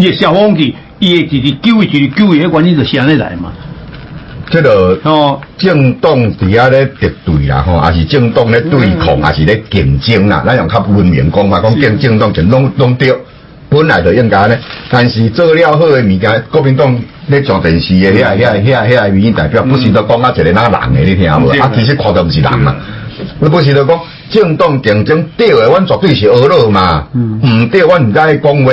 伊小皇帝，伊就是糾起糾起，是鍵就先來嘛。這個哦，政黨底下咧敵對啊吼、嗯，還是政黨咧對抗，還是咧競爭啦。咱用較不文明講話，講競爭當攏攏對，本來就應該安尼。但是做了好個物件，國民黨咧上電視個，遐遐遐遐語音代表，嗯、不是在講阿一個哪人個，你聽有無、嗯？啊，其實看都唔是人嘛。你、嗯、不是在講政黨競爭對個，阮絕對是娛樂嘛。唔、嗯嗯、對，阮唔在講話。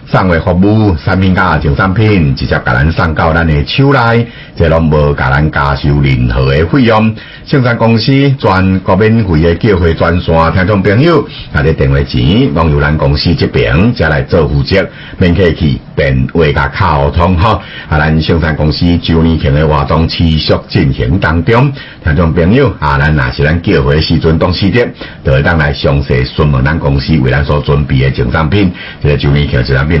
送嘅服務三明品加贈產品，直接甲咱送到咱嘅手裏，即攏無甲咱加收任何嘅費用。盛山公司全國免費嘅叫貨專線，聽眾朋，朋友，啊，你電話錢攏由咱公司這邊再來做負責，免客氣電話卡溝通好。啊，咱盛山公司周年慶嘅活動持續進行當中，聽眾朋友，啊，咱若是咱叫貨時陣，當時間，就會當來詳細詢問咱公司為咱所準備嘅贈產品，即，這個周年慶贈產品。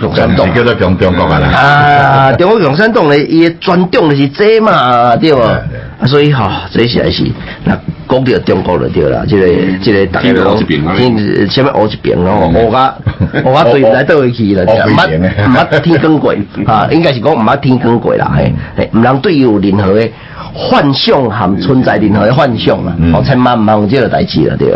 專長、啊嗯、是叫做中中國啊啦！啊，對對對中國共產黨咧，伊專長是這嘛，對無？對對對所以哈、喔，這實在是那講到中國就對啦，這個這個台灣，前面烏一爿、啊，然後烏家烏家對來對會去、啊啊、啦，毋捌毋捌天公鬼啊，應該是講毋捌天公鬼啦，嘿，毋通對伊有任何的幻想含存在任何的幻想、嗯、啦，千萬唔忙這個代志啦，對無？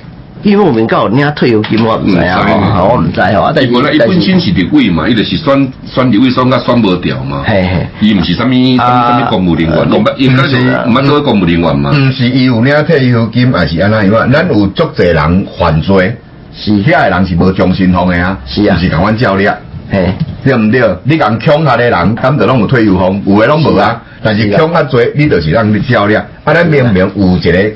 因為我們夠，你阿退休金我唔知道、嗯喔嗯嗯喔、我唔知啊、喔。伊無啦，伊本身是立委嘛，伊就是算算立委算甲算無掉嘛。伊唔是蝦米蝦米公務人員，應該就公務人員嘛。唔、嗯嗯嗯嗯、是伊有領退休金，還是安那樣我啊？咱有足濟人犯罪，是遐、啊、個、啊、人是無忠心腸的啊，是啊，就是共阮較量，對唔對？你共強下咧人，感覺攏有退休金，有誒攏無啊，但是強較濟，你就是共你較量。啊，咱明明有一個。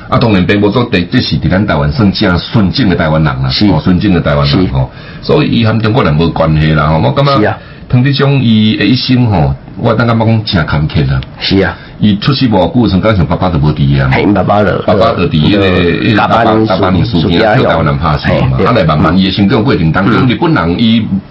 啊，當然並冇咗第即是佇咱台灣算正純正嘅台灣人啦、啊，哦，純正嘅台灣人哦，所以伊和中國人無關係啦，我感覺，同啲將伊一生吼，我感覺講誠坎坷啦，是啊，伊出世無久從家上爸爸就無佇啊爸爸咯，爸爸就第二爸爸、嗯欸、台灣人拍死啊嘛，阿、來、慢慢、嗯，伊嘅性格決定，但係日本人，伊。啊